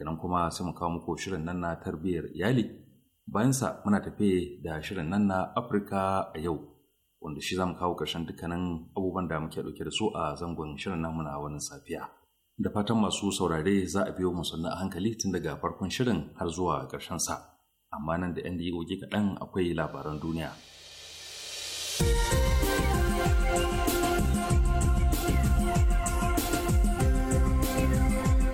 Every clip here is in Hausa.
daga nan kuma sai mu kawo muku shirin nan na tarbiyyar iyali bayan sa muna tafe da shirin nan na afirka a yau wanda shi zamu kawo karshen dukkanin abubuwan da muke dauke da su a zangon shirin nan muna wannan safiya da fatan masu saurare za a biyo mu a hankali tun daga farkon shirin har zuwa ƙarshen sa amma nan da 'yan da e kaɗan akwai labaran duniya.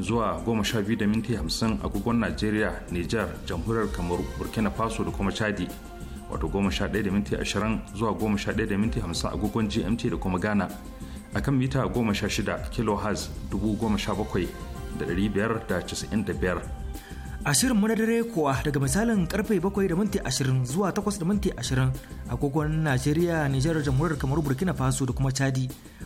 zuwa biyu da minti 50 agogon Najeriya, Nijar, Jamhuriyar Kamaru, Burkina Faso da kuma Chadi. Wato ɗaya da minti ashirin zuwa ɗaya da minti 50 agogon GMT da kuma Ghana. A kan mita 16 kHz 17,595. Ashirin mu na dare kuwa daga misalin karfe bakwai da minti ashirin zuwa takwas da minti 20 agogon Najeriya, Nijar, Jamhuriyar Kamaru, Burkina Faso da kuma Chadi.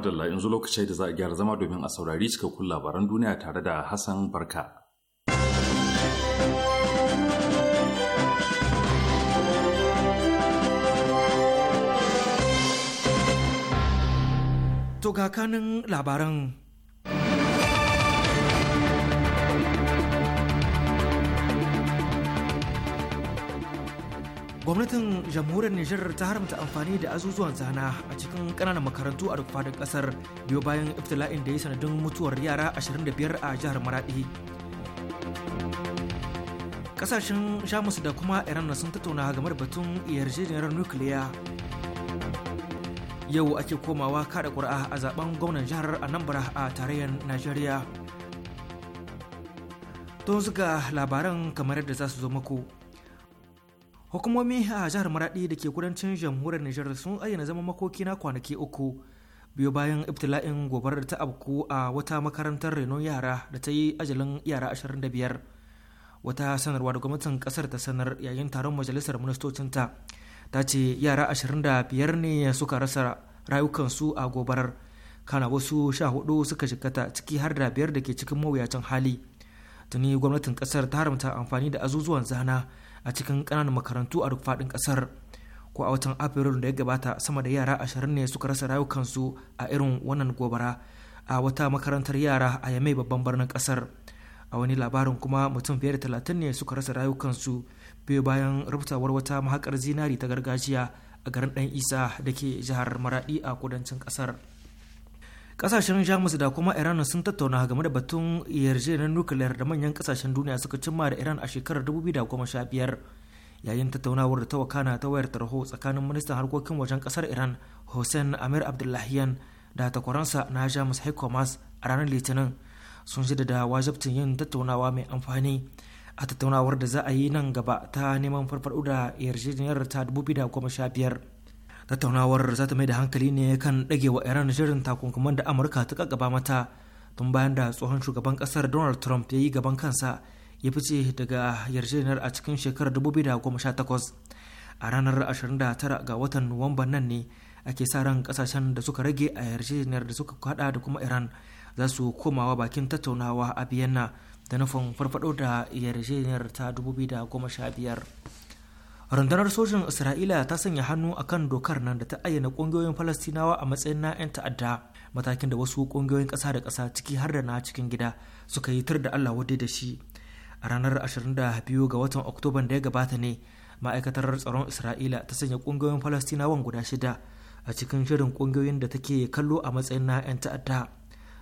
madalla yanzu lokacin da za a gyara zama domin a saurari cikakkun labaran duniya tare da Hassan Barka. To ga kanin labaran gwamnatin jamhuriyar nijar ta haramta amfani da azuzuwan zana a cikin ƙananan makarantu a duk fadin kasar biyo bayan iftila'in da ya sanadin mutuwar yara 25 a jihar maradi Ƙasashen jamus da kuma iran sun tattauna game da batun yarjejeniyar nukiliya yau ake komawa kada ƙura a zaben gwamnan jihar anambra a tarayyar najeriya don suka labaran kamar yadda za su zo mako hukumomi a jihar maradi da ke kudancin jamhuriyar nijar sun ayyana zama makoki na kwanaki uku biyu bayan ibtila'in gobarar ta abku a wata makarantar renon yara da ta yi ajalin yara 25 wata sanarwa da gwamnatin kasar ta sanar yayin taron majalisar ministocinta ta ce yara 25 ne suka rasa rayukansu a gobarar kana wasu sha 14 suka jikata ciki har da biyar da ke cikin mawuyacin hali tuni gwamnatin kasar ta haramta amfani da azuzuwan zana a cikin ƙananan makarantu a duk faɗin ƙasar ko a watan afrilu da ya gabata sama da yara ashirin ne suka rasa rayukansu a irin wannan gobara a wata makarantar yara a yamai babban birnin ƙasar a wani labarin kuma mutum fiye da talatin ne suka rasa rayukansu biyu bayan rubutawar wata mahakar zinari ta gargajiya a garin ɗan isa da ke jihar maradi a kudancin ƙasar kasashen jamus da kuma iran sun tattauna game da batun yarjejeniyar nukiliyar da manyan kasashen duniya suka cimma da iran a shekarar 2015 yayin tattaunawar da ta wakana ta wayar tarho tsakanin ministan harkokin wajen kasar iran hussein amir abdullahiyan da takwaransa na jamus heiko a ranar litinin sun shida da wajabcin yin tattaunawa mai amfani a tattaunawar da za a yi nan gaba ta neman farfaɗo da yarjejeniyar ta 2015 tattaunawar za ta mai da hankali ne kan ɗagewa iran shirin takunkuman da amurka ta kakaba mata tun bayan da tsohon shugaban ƙasar donald trump ya yi gaban kansa ya fice daga yarjejeniyar a cikin shekarar 2018 a ranar 29 ga watan nuwamba nan ne ake sa ran kasashen da suka rage a yarjejeniyar da suka hada da kuma iran za su komawa bakin tattaunawa a biyanna da nufin farfado da yarjejeniyar ta 2015 rundunar sojin isra'ila ta sanya hannu a kan dokar nan da ta ayyana ƙungiyoyin falastinawa a matsayin na 'yan ta'adda matakin da wasu ƙungiyoyin kasa da kasa ciki har da na cikin gida suka yi tur da allah wadai da shi a ranar 22 ga watan oktoban da ya gabata ne ma'aikatar tsaron isra'ila ta sanya ƙungiyoyin falastinawan guda shida a cikin shirin ƙungiyoyin da take kallo a matsayin na 'yan ta'adda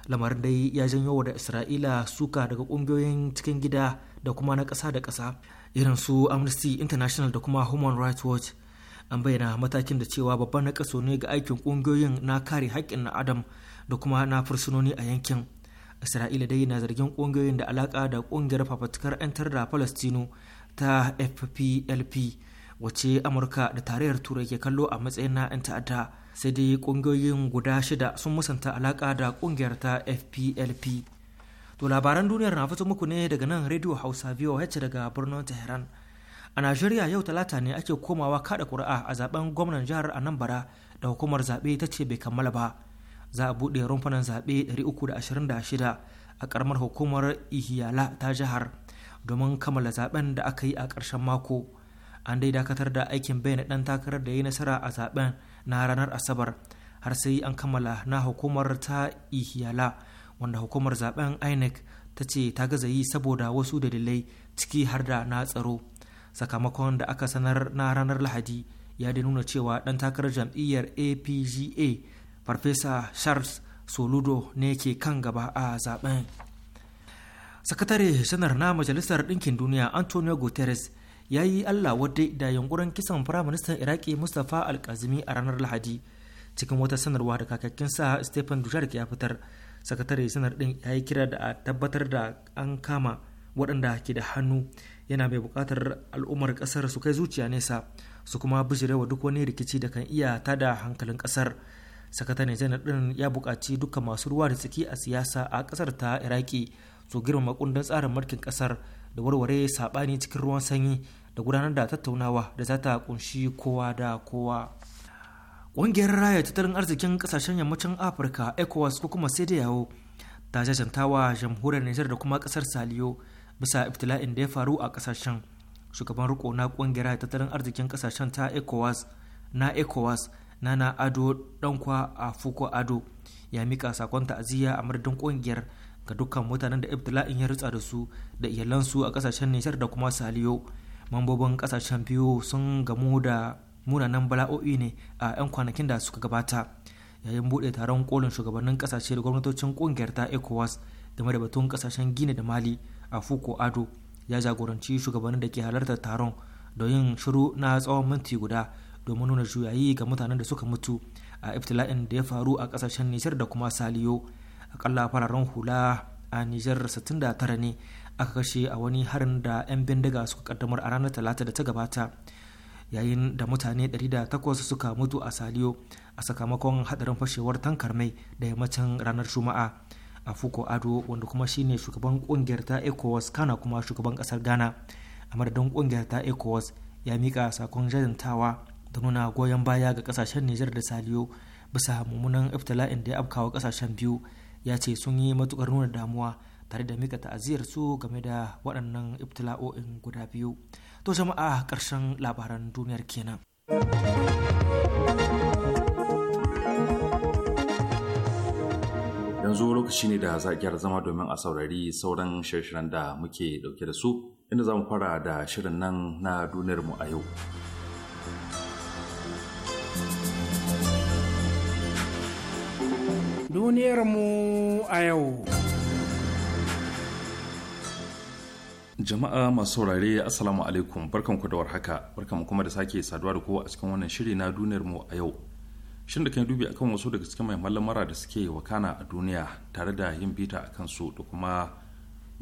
lamarin dai ya janyo wa da isra'ila suka daga ƙungiyoyin cikin gida da kuma na ƙasa da kasa. irin su amnesty international da kuma human rights watch an bayyana matakin da cewa babban nakaso ne ga aikin kungiyoyin na kare haƙƙin na adam da kuma na fursunoni a yankin isra'ila dai na zargin kungiyoyin da alaka da kungiyar fafatukar 'yantar da palestino ta fplp wace amurka da tarayyar turai ke kallo a matsayin na 'yan ta'adda sai dai kungiyoyin guda shida sun musanta alaka da kungiyar ta fplp To labaran duniyar na fito muku ne daga nan Radio Hausa VOH daga birnin Tehran. A Najeriya yau talata ne ake komawa kada kuri'a a zaben gwamnan jihar Anambra da hukumar zaɓe ta ce bai kammala ba. Za a buɗe rumfunan zaɓe 326 a ƙaramar hukumar Ihiyala ta jihar domin kammala zaben da aka yi a ƙarshen mako. An dai dakatar da aikin bayyana ɗan takarar da ya yi nasara a zaben na ranar Asabar har sai an kammala na hukumar ta Ihiyala. wanda hukumar zaben inec ta ce ta gaza yi saboda wasu dalilai ciki har da na tsaro sakamakon da aka sanar na ranar lahadi ya da nuna cewa dan takarar jam'iyyar apga farfesa charles soludo ne ke kan gaba a zaben sakatare janar na majalisar ɗinkin duniya antonio guterres ya yi allah wadda da yunkurin kisan firaministan iraki mustapha alkazimi a ranar lahadi cikin wata sanarwa da kakakkinsa stephen dujarric ya fitar sakatare sanar din ya yi kira da a tabbatar da an kama waɗanda ke da hannu yana mai buƙatar al'ummar ƙasar su kai zuciya nesa su kuma bijirewa duk wani rikici da kan iya tada hankalin ƙasar sakatare janar din ya buƙaci dukkan masu ruwa da tsaki a siyasa a ƙasar ta iraki su girmama kundin tsarin mulkin ƙasar da warware saɓani cikin ruwan sanyi da gudanar da tattaunawa da za ta kunshi kowa da kowa. ƙungiyar raya tattalin arzikin ƙasashen yammacin afirka ecowas ko kuma sai da yawo ta jajantawa jamhuriyar nijar da kuma ƙasar saliyo bisa iftila'in da ya faru a ƙasashen shugaban riko na ƙungiyar raya tattalin arzikin ƙasashen ta ecowas na ecowas na ado dankwa a fuko ado ya mika sakon ta'aziyya a madadin ƙungiyar ga dukkan mutanen da ibtila'in ya rutsa da su da iyalansu a ƙasashen nijar da kuma saliyo mambobin ƙasashen biyu sun gamu da munanan bala'o'i ne a 'yan kwanakin da suka gabata yayin buɗe taron kolin shugabannin kasashe da gwamnatocin kungiyar ta ecowas game da batun kasashen gini da mali a fuko ado ya jagoranci shugabannin da ke halartar taron da yin shiru na tsawon minti guda domin nuna juyayi ga mutanen da suka mutu a iftila'in da ya faru a kasashen nijar da kuma saliyo akalla fararen hula a nijar 69 ne aka kashe a wani harin da 'yan bindiga suka kaddamar a ranar talata da ta gabata yayin da mutane 108 suka mutu a saliyo a sakamakon hadarin fashewar tankar mai da yammacin ranar juma'a a fuko ado wanda kuma shine shugaban kungiyar ta ecowas kana kuma shugaban kasar ghana a madadin kungiyar ta ecowas ya mika sakon jajantawa da nuna goyon baya ga kasashen nijar da saliyo bisa mummunan iftila'in da ya afkawa kasashen biyu ya ce sun yi matukar nuna damuwa tare da mika ta'aziyar su game da waɗannan ibtila'o'in guda biyu to jama'a ƙarshen labaran duniyar kenan yanzu lokaci ne da za a zama domin a saurari sauran shirin da muke dauke da su inda za mu fara da shirin nan na duniyar mu a yau duniyar mu a yau Jama'a masu saurare Assalamu alaikum barkanku da warhaka barkanku kuma da sake saduwa da kowa a cikin wannan shiri na duniyar mu a yau. Shin da kan dubi akan wasu daga cikin mahimman lamara da suke wakana a duniya tare da yin bita akan su da kuma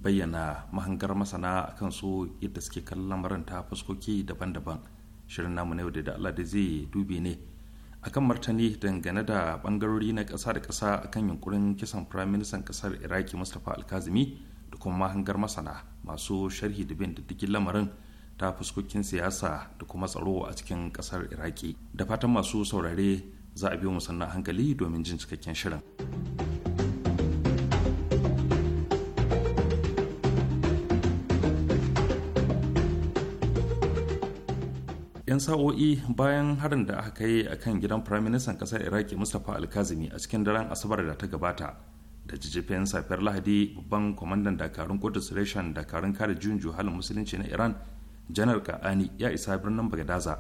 bayyana mahangar masana akan su yadda suke kallon lamarin ta fuskoki daban-daban. Shirin namu na yau da Allah da zai dubi ne akan martani dangane da bangarori na ƙasa da ƙasa akan yunkurin kisan firaministan ƙasar Iraki Mustapha Alkazimi da kuma mahangar masana. masu sharhi da bin diddigin lamarin ta fuskokin siyasa da kuma tsaro a cikin kasar iraki da fatan masu saurare za a biyo musannan hankali domin jin cikakken shirin yan sa'o'i bayan harin da aka kai a kan gidan firaministan kasar iraki mustapha alkazimi a cikin daren asabar da ta gabata da jijjifin safiyar lahadi babban kwamandan dakarun kudus reshen dakarun kare juyin juhalin musulunci na iran janar ka'ani ya isa birnin bagadaza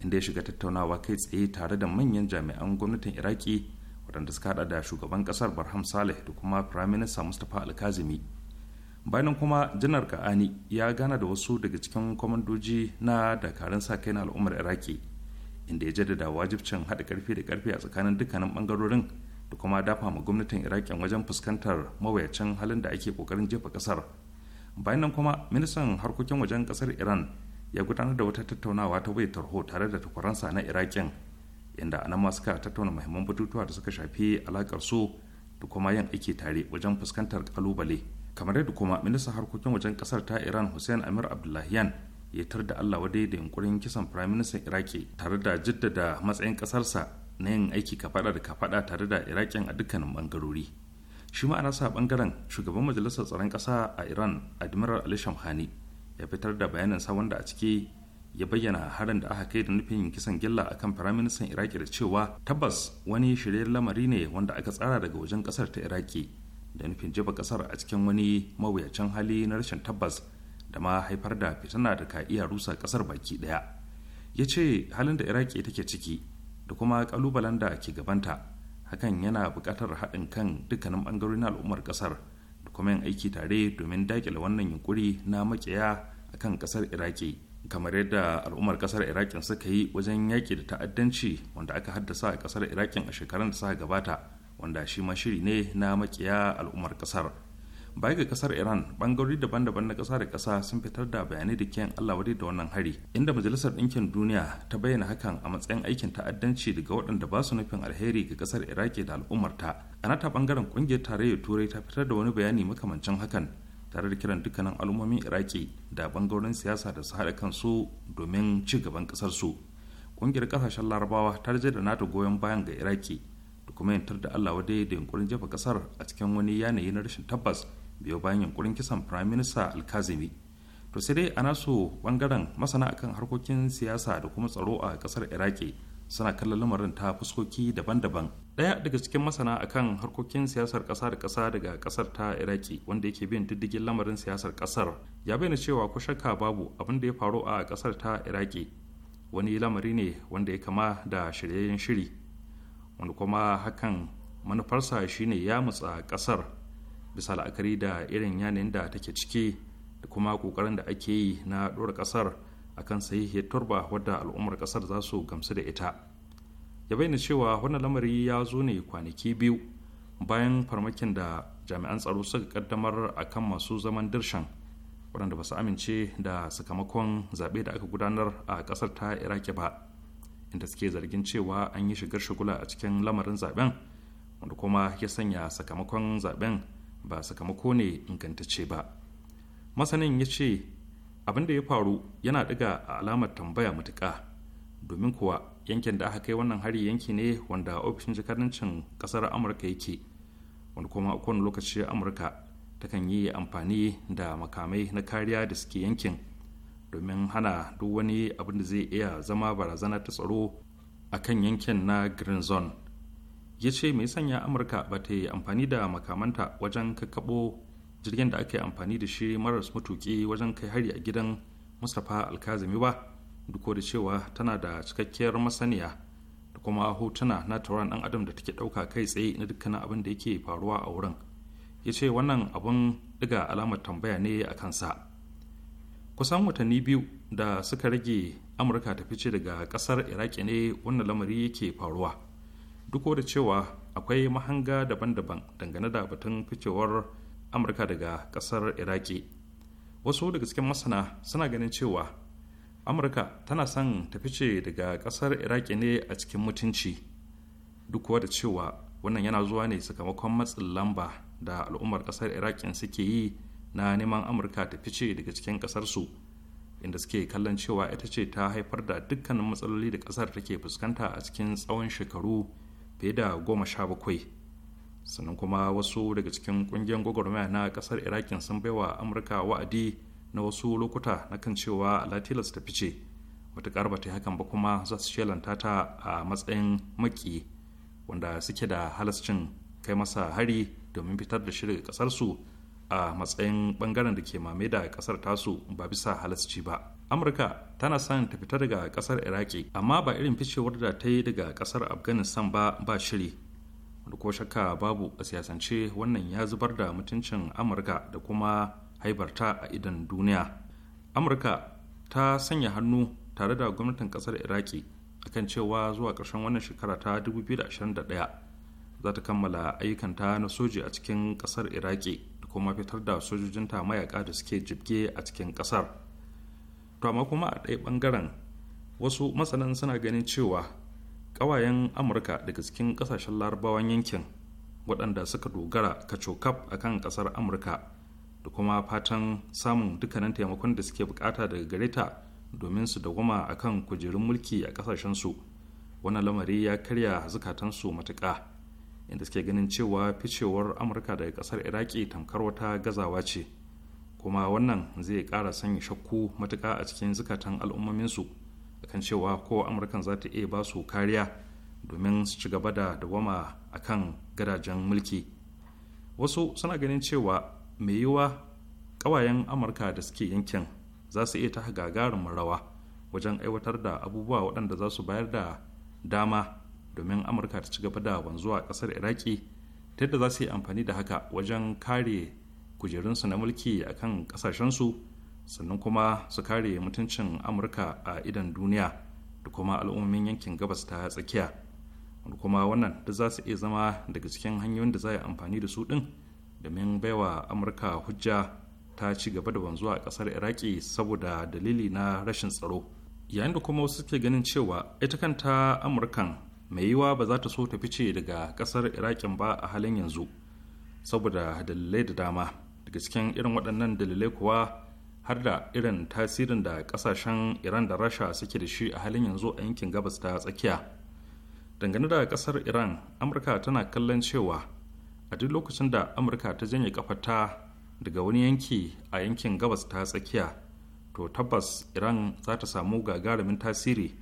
inda ya shiga tattaunawa kai tsaye tare da manyan jami'an gwamnatin iraki waɗanda suka hada da shugaban ƙasar barham saleh da kuma firaminista minister mustapha alkazimi bayan kuma janar ka'ani ya gana da wasu daga cikin kwamandoji na dakarun sa kai na al'ummar iraki inda ya jaddada wajibcin haɗa ƙarfi da ƙarfi a tsakanin dukkanin ɓangarorin da kuma dafa ma gwamnatin iraƙin wajen fuskantar mawayacin halin da ake ƙoƙarin jefa ƙasar bayan nan kuma ministan harkokin wajen ƙasar iran ya gudanar da wata tattaunawa ta wayar tarho tare da takwaransa na iraƙin inda anan ma suka tattauna muhimman batutuwa da suka shafi alaƙar su da kuma yin aiki tare wajen fuskantar kalubale kamar yadda kuma ministan harkokin wajen kasar ta iran hussein amir abdullahiyan ya tar da allah wadai da yunkurin kisan firayim ministan iraki tare da jaddada matsayin ƙasarsa. na yin aiki kafaɗa da kafaɗa tare da iraƙin a dukkanin bangarori shi ma ana sa bangaren shugaban majalisar tsaron ƙasa a iran admiral ali shamhani ya fitar da bayanin sa wanda a ciki ya bayyana harin da aka kai da nufin kisan gilla a kan firaministan iraki da cewa tabbas wani shirye lamari ne wanda aka tsara daga wajen kasar ta iraki da nufin jefa kasar a cikin wani mawuyacin hali na rashin tabbas da ma haifar da fitina da ka iya rusa kasar baki daya ya ce halin da iraki take ciki da kuma kalubalen da ke gabanta hakan yana buƙatar haɗin kan dukkanin ɓangarorin al'ummar ƙasar da kuma yin aiki tare domin daƙile wannan yunkuri na makiya a kan ƙasar iraki kamar yadda al'ummar ƙasar irakin suka yi wajen yaƙi da ta'addanci wanda aka haddasa a ƙasar irakin a shekarun da suka gabata wanda shi ma shiri ne na makiya al'ummar ƙasar baya ga kasar iran bangarori daban-daban na kasa da kasa sun fitar da bayanai da kiyan allah wadai da wannan hari inda majalisar ɗinkin duniya ta bayyana hakan a matsayin aikin ta'addanci daga waɗanda ba su nufin alheri ga kasar iraki da al'ummarta a nata bangaren ƙungiyar tarayyar turai ta fitar da wani bayani makamancin hakan tare da kiran dukkanin al'ummomin iraki da bangarorin siyasa da su haɗa kansu domin ci gaban kasar su ƙungiyar ƙasashen larabawa ta da nata goyon bayan ga iraki da kuma yantar da allah wadai da yunkurin jefa kasar a cikin wani yanayi na rashin tabbas biyo bayan yunkurin kisan prime minister alkazimi to sai dai a nasu bangaren masana akan harkokin siyasa da kuma tsaro a kasar iraki suna kallon lamarin ta fuskoki daban-daban ɗaya daga cikin masana akan harkokin siyasar ƙasa da ƙasa daga ƙasar ta iraki wanda yake bin diddigin lamarin siyasar ƙasar ya bayyana cewa ko shakka babu abin da ya faru a ƙasar ta iraki wani lamari ne wanda ya kama da shiryayyen shiri wanda kuma hakan manufarsa shine ya mutsa ƙasar bisa la'akari da irin yanayin da take ciki da kuma kokarin da ake yi na ɗora ƙasar akan sahihiyar turba wadda al'ummar ƙasar za su gamsu da ita ya bayyana cewa wannan lamari ya zo ne kwanaki biyu bayan farmakin da jami'an tsaro suka kaddamar akan masu zaman dirshan waɗanda ba su amince da sakamakon zaɓe da aka gudanar a ƙasar ta iraki ba inda suke zargin cewa an yi shigar shigula a cikin lamarin zaɓen wanda kuma ya sanya sakamakon zaɓen ba sakamako ne ingantacce ba masanin ya ce abin da ya faru yana ɗiga a alamar tambaya matuka domin kuwa yankin da aka kai wannan hari yanki ne wanda ofishin jakadancin ƙasar amurka yake wanda kuma a kowane lokaci amurka takan yi amfani da makamai na kariya da suke yankin domin hana duk wani abin da zai iya zama barazana ta tsaro a kan yankin na green zone ya ce mai sanya amurka ba ta yi amfani da makamanta wajen kakkaɓo jirgin da aka yi amfani da shi maras matuki wajen kai hari a gidan mustapha alkazimi ba duk da cewa tana da cikakkiyar masaniya da kuma hotuna na tauran dan adam da take ɗauka kai tsaye na dukkanin abin da yake faruwa a wurin ya ce wannan abun ɗiga alamar tambaya ne a kansa kusan watanni biyu da suka rage amurka ta fice daga ƙasar iraki ne wannan lamari yake faruwa duk da cewa akwai mahanga daban-daban dangane da batun ficewar amurka daga kasar iraki wasu daga cikin masana suna ganin cewa amurka tana son ta fice daga kasar iraki ne a cikin mutunci duk da cewa wannan yana zuwa ne sakamakon matsin lamba da al'ummar kasar iraki suke yi na neman amurka ta fice daga cikin kasarsu inda suke kallon cewa ita ce ta haifar da dukkanin matsaloli da kasar take fuskanta a cikin tsawon shekaru fiye da goma sha bakwai sannan kuma wasu daga cikin kungiyar gwagwarmaya na kasar irakin sun baiwa amurka wa'adi na wasu lokuta na kan cewa latilas ta fice wata ba ta hakan ba kuma za su shelanta ta a matsayin maki wanda suke da halascin kai masa hari domin fitar da shi daga ƙasarsu a matsayin bangaren da ke mame da kasar tasu ba bisa halasci ba amurka tana son ta fita daga kasar iraki amma ba irin ficewar da ta yi daga kasar afghanistan ba ba shiri wanda ko shakka babu a siyasance wannan ya zubar da mutuncin amurka da kuma haibarta a idan duniya amurka ta sanya hannu tare da gwamnatin kasar iraki akan cewa zuwa ƙarshen wannan shekara ta 2021 za ta kammala ayyukanta na soji a cikin kasar iraki da kuma fitar da sojojinta mayaka da suke jibge a cikin kasar to amma kuma a ɗaya ɓangaren wasu masanan suna ganin cewa ƙawayen amurka daga cikin ƙasashen larabawan yankin waɗanda suka dogara kacokaf a kan ƙasar amurka da kuma fatan samun dukkanin taimakon da suke bukata daga gare ta domin su dawama a kan kujerun mulki a ƙasashensu wannan lamari ya karya zukatansu matuƙa inda suke ganin cewa ficewar amurka daga ƙasar iraki tamkar wata gazawa ce kuma wannan zai kara sanya shakku matuka a cikin zukatan al'ummominsu kan cewa ko amurkan za ta iya ba su kariya domin su ci gaba da dawama a kan gadajen mulki wasu suna ganin cewa mai yiwuwa ƙawayen amurka da suke yankin za su iya ta gagarin rawa wajen aiwatar da abubuwa waɗanda za su bayar da dama domin amurka ta ci gaba da wanzuwa ƙasar iraki ta yadda za su yi amfani da haka wajen kare kujerunsu na mulki a kan ƙasashensu sannan kuma su kare mutuncin amurka a idan duniya da kuma al'ummomin yankin gabas ta tsakiya Da kuma wannan da za su iya zama daga cikin hanyoyin da za a amfani da su ɗin domin baiwa amurka hujja ta ci gaba da wanzuwa a ƙasar iraki saboda dalili na rashin tsaro yayin da kuma wasu suke ganin cewa ita kanta amurkan mai yiwa ba za ta so ta fice daga ƙasar Iraki ba a halin yanzu saboda dalilai da dama daga cikin irin waɗannan dalilai kuwa har da irin tasirin da ƙasashen iran da rasha suke da shi a halin yanzu a yankin gabas ta tsakiya dangane da ƙasar iran amurka tana kallon cewa a duk lokacin da amurka ta janye kafata daga wani yanki a yankin gabas ta tsakiya to tabbas iran za ta samu gagarumin tasiri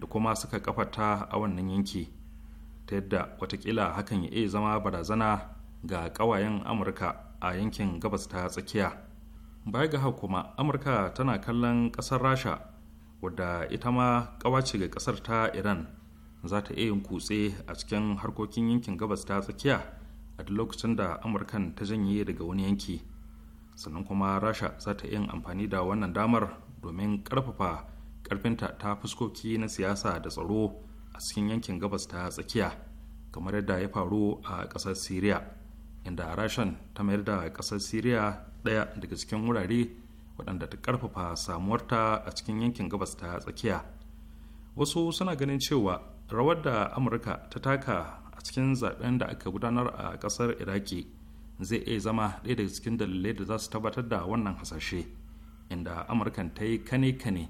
da kuma suka kafata a wannan yanki ta yadda watakila hakan ya iya zama barazana ga ƙawayen amurka a yankin gabas ta tsakiya baya ga haka kuma amurka tana kallon kasar rasha wadda ita ma ƙawace ga kasar ta iran za ta iya yin kutse a cikin harkokin yankin gabas ta tsakiya a duk lokacin da amurkan ta janye daga wani yanki sannan kuma rasha za ta yin amfani da wannan damar domin karfafa ƙarfinta ta fuskoki na siyasa da tsaro a cikin yankin gabas ta tsakiya kamar yadda ya faru a kasar syria inda rashan ta mayar da kasar syria ɗaya daga cikin wurare waɗanda ta ƙarfafa samuwarta a cikin yankin gabas ta tsakiya wasu suna ganin cewa rawar da amurka ta taka a cikin zaɓen da aka gudanar a ƙasar iraki zai iya zama ɗaya daga cikin dalilai da za su tabbatar da wannan hasashe inda amurkan ta yi kane-kane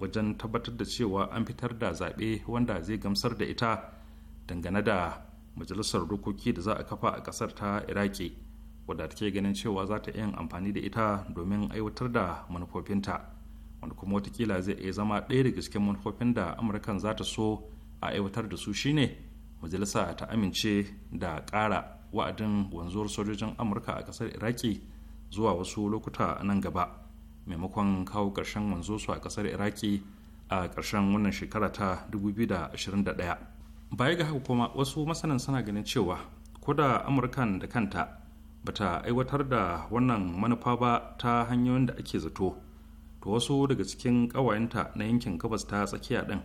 wajen tabbatar da cewa an fitar da zaɓe wanda zai gamsar da ita dangane da majalisar dokoki da za a kafa a kasar ta iraki wadda take ganin cewa za ta yin amfani da ita domin aiwatar da manufofinta wanda kuma watakila zai iya zama ɗaya daga cikin manufofin da amurkan za ta so a aiwatar da su shine majalisa ta amince da ƙara wa'adin wanzuwar sojojin amurka a kasar iraki zuwa wasu lokuta nan gaba maimakon kawo ƙarshen wanzo su a kasar iraki a ƙarshen wannan shekara ta 2021 baya ga haka kuma wasu masanan suna ganin cewa ko da amurkan da kanta bata aiwatar da wannan manufa ba ta hanyoyin da ake zato to wasu daga cikin ƙawayenta na yankin gabas ta tsakiya din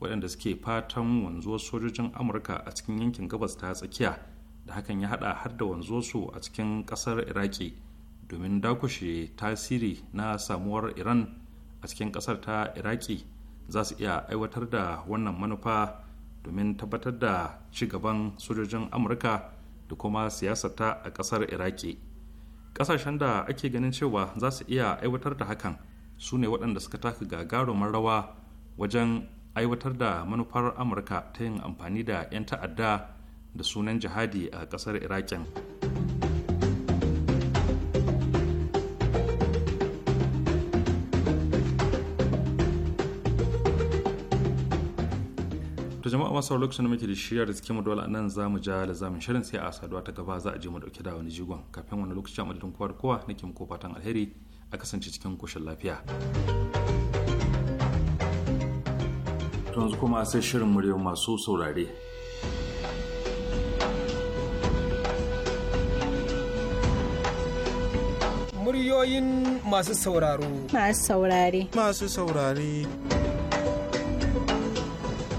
waɗanda suke fatan wanzuwar sojojin amurka a cikin yankin gabas ta tsakiya da hakan ya haɗa har da su a cikin ƙasar iraki domin dakushe tasiri na samuwar iran a cikin ƙasar ta iraki za su iya aiwatar da wannan manufa domin tabbatar da ci gaban sojojin amurka da kuma siyasata a kasar iraki kasashen da ake ganin cewa za su iya aiwatar da hakan su ne waɗanda suka taka gagarumin rawa wajen aiwatar da manufar amurka ta yin amfani da 'yan ta'adda da sunan jihadi a kasar irakin jama'a masu lokacin da muke da shirya da suke mu dole nan za mu ja da zamin shirin sai a saduwa ta gaba za a je mu dauke da wani jigon kafin wani lokacin madadin kowa da kowa nake muku fatan alheri a kasance cikin koshin lafiya yanzu kuma sai shirin murya masu saurare muryoyin masu sauraro masu saurare masu saurare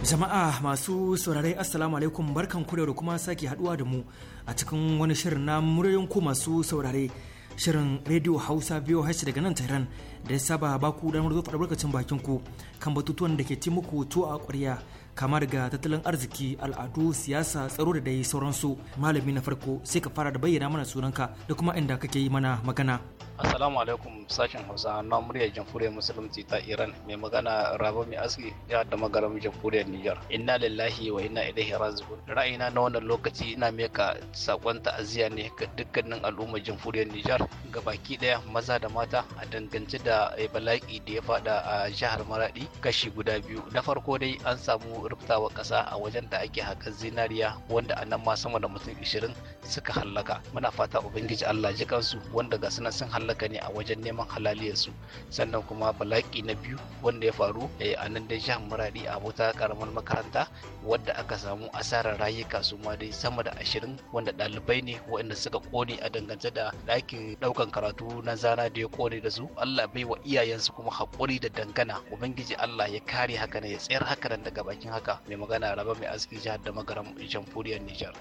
Jama'a masu saurare Assalamu alaikum barkan ku da kuma sake haduwa da mu a cikin wani shirin na muryoyin ku masu saurare shirin Radio Hausa biyu hashi daga nan Tehran da ya saba baku damar zo barkacin bakin ku kan batutuwan da ke ci muku to a ƙwarya kama daga tattalin arziki al'adu siyasa tsaro da dai sauransu malami na farko sai ka fara da bayyana mana sunanka da kuma inda kake yi mana magana. Assalamu alaikum sashen Hausa na muryar Jamhuriyar Musulunci ta Iran mai magana Rabo mai aski ya da magaram Jamhuriyar Nijar. Inna lillahi wa inna ilaihi raji'un. Ra'ayina na wannan lokaci ina meka sakon ta'aziyya ne ga dukkanin al'ummar Jamhuriyar Nijar baki daya maza da mata a dangance da eh, bala'i da ya fada a jihar Maradi kashi guda biyu. Na farko dai an samu rubtawa kasa a wajen da ake hakan zinariya wanda a nan ma sama da mutum 20 suka hallaka. Muna fata Ubangiji Allah ji kansu wanda ga sun hallaka ta'allaka ne a wajen neman halaliyarsu sannan kuma balaki na biyu wanda ya faru eh, a nan dai jihar muradi a wata karamar makaranta wadda aka samu asarar rayuka su ma dai sama da ashirin wanda ɗalibai ne waɗanda suka kone a dangance da ɗakin ɗaukan karatu na zana da ya kone da su allah bai wa iyayensu kuma haƙuri da dangana ubangiji allah ya kare haka ne ya tsayar haka daga bakin haka mai magana raba mai aski jihar da magaram jamhuriyar nijar.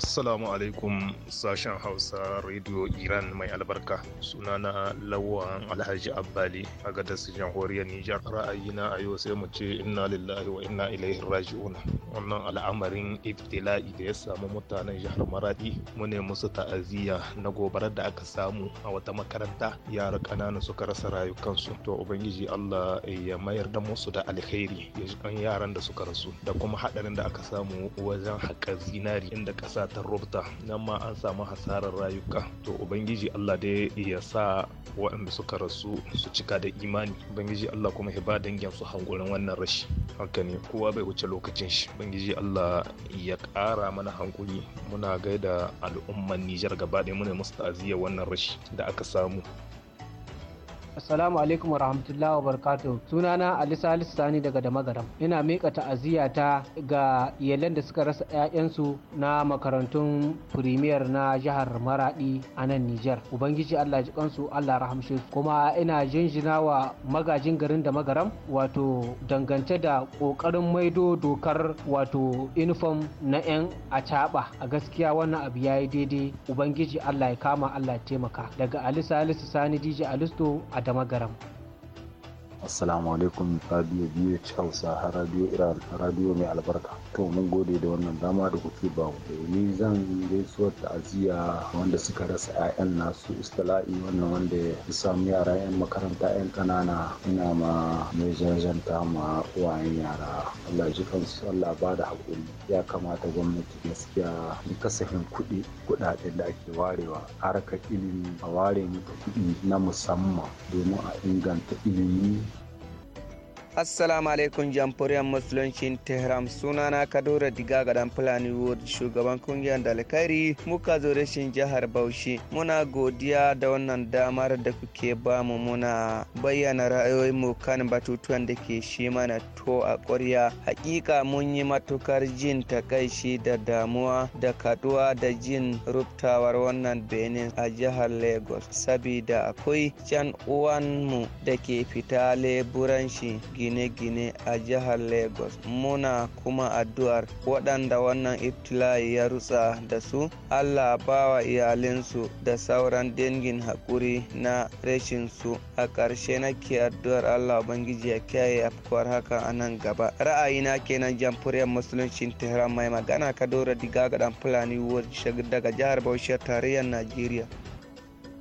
Assalamu alaikum sashen Hausa Radio Iran mai albarka sunana Lawan Alhaji Abbali a gadar jamhuriyar Nijar ra'ayina a yau sai mu ce inna lillahi wa inna ilaihi raji'una. wannan al'amarin ibtila'i da ya samu mutanen jihar Maradi mu ne musu ta'aziyya na gobarar da aka samu a wata makaranta yara ƙanana suka rasa rayukansu to ubangiji Allah ya mayar da musu da alkhairi ya ji yaran da suka rasu da kuma hadarin da aka samu wajen haƙa zinari inda ƙasa sa ta rubuta nan ma an samu hasarar rayuka to ubangiji Allah dai ya sa waɗanda suka rasu su cika da imani ubangiji Allah kuma ya ba dangin su hankulin wannan rashi haka ne kowa bai wuce lokacin shi ubangiji Allah ya ƙara mana hankuli muna gaida al'umman Nijar gaba ɗaya muna musu ta'aziyya wannan rashi da aka samu Assalamu alaikum wa rahmatullahi wa barakatu. Sunana Ali Salisu Sani daga Damagaram. Ina miƙa ta'aziyya ta ga iyalan da suka rasa 'ya'yansu na makarantun firimiyar na jihar Maradi a nan Nijar. Ubangiji Allah ji kansu Allah rahamshe su. Kuma ina jinjina wa magajin garin Damagaram wato dangance da ƙoƙarin maido dokar wato uniform na 'yan acaɓa. A gaskiya wannan abu ya yi daidai. Ubangiji Allah ya kama Allah ya taimaka. Daga Ali Salisu Sani DJ Alisto a damagaram assalamu alaikum radio biyu hausa radio iran radio mai albarka to mun gode da wannan dama da kuke ba ni zan gaisuwar ta'aziyya wanda suka rasa 'ya'yan nasu istila'i wannan wanda ya samu yara 'yan makaranta 'yan kanana ina ma mai jajanta ma uwayen yara Allah ji kansu Allah ba da haƙuri ya kamata gwamnati gaskiya in kasafin kuɗi kuɗaɗen da ake warewa harkar ilimi a ware mata kuɗi na musamman domin a inganta ilimi assalamu alaikum jamhuriyar musuluncin tehran sunana kadura diga gadan fulani ward shugaban kungiyar dalkari muka zo rashin jihar bauchi muna godiya da wannan damar da kuke bamu muna bayyana mu kan batutuwan da ke shi mana to a ƙwarya hakika mun yi matukar jin takaici da damuwa da kaduwa da jin rubtawar wannan benin a jihar lagos sabida akwai can uwan mu da ke fita leburanci gine-gine a jihar lagos muna kuma addu'ar waɗanda wannan iftila'i ya rutsa da su allah bawa iyalinsu da sauran dangin haƙuri na rashin su a ƙarshe nake addu'ar allah ubangiji ya kiyaye afkuwar haka a nan gaba ra'ayina kenan jamhuriyar musuluncin tehran mai magana kadora diga ga dan fulani daga jihar bauchi tarayyar najeriya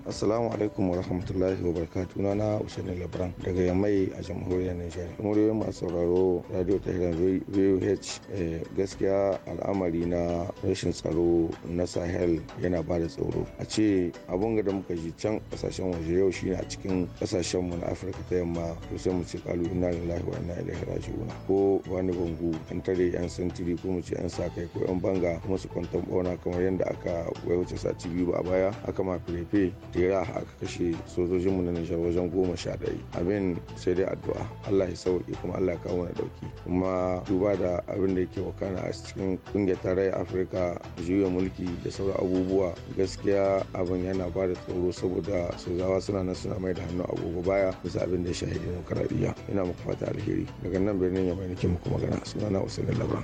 assalamu alaikum wa rahmatullahi wa barakatu na na usaini labran daga yamai a jamhuriyar nijar muryoyin masu sauraro radio ta hiran voh eh, gaskiya al'amari na rashin tsaro na sahel yana ba da tsoro a ce abun da muka ji can kasashen waje yau shine a cikin kasashen mu na afirka ta yamma to sai mu ce kalu inna lillahi wa inna ilaihi raji'un ko wani bangu an tare yan santiri ko mu ce yan sa kai ko yan banga kuma su kwantan bauna kamar yadda aka wai wuce sati biyu ba a baya aka ma firefe tera aka kashe sojojinmu na Nijar wajen goma sha ɗaya abin sai dai addu'a Allah ya sauke kuma Allah ya kawo mana dauki kuma duba da abin da yake wakana a cikin kungiyar tarayyar Afirka juya mulki da sauran abubuwa gaskiya abin yana ba da tsoro saboda sojawa suna nan suna mai da hannu agogo baya bisa abin da ya shahi demokaradiyya ina muku fata alheri daga nan birnin yamai nake muku magana suna sunana Usaini Labaran.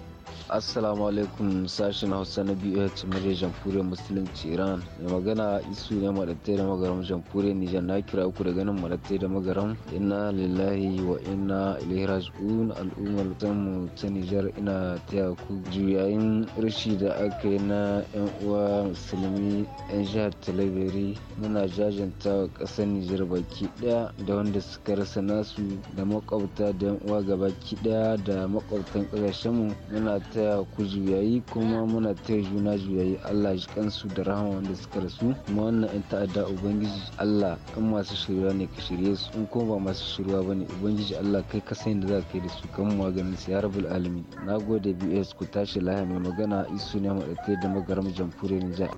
assalamu alaikum sashen hausa na biyu yace murya jamhuriyar musulunci iran mai magana isu ne madatai da magaram jamhuriyar nijar na kira ku da ganin madattai da magaram inna lillahi wa inna ilaihi raji'un al'ummar tamu ta nijar ina taya ku juyayin rashi da aka yi na yan uwa musulmi yan jihar talabiri muna jajanta ƙasar nijar baki ɗaya, da wanda suka rasa nasu da makwabta da yan uwa gabaki ɗaya da makwabtan kasashenmu muna ta taya ku juyayi kuma muna taya juna juyayi Allah shi kansu da rahama wanda suka rasu kuma wannan in ta'adda ubangiji Allah in masu shirya ne ka shirye su in kuma ba masu shirya ba ne ubangiji Allah kai ka san da za ka yi da su kan maganin su ya rabul alamin na gode bs ku tashi lahiya mai magana isu ne mu da magaram jamhuriyar Nijar.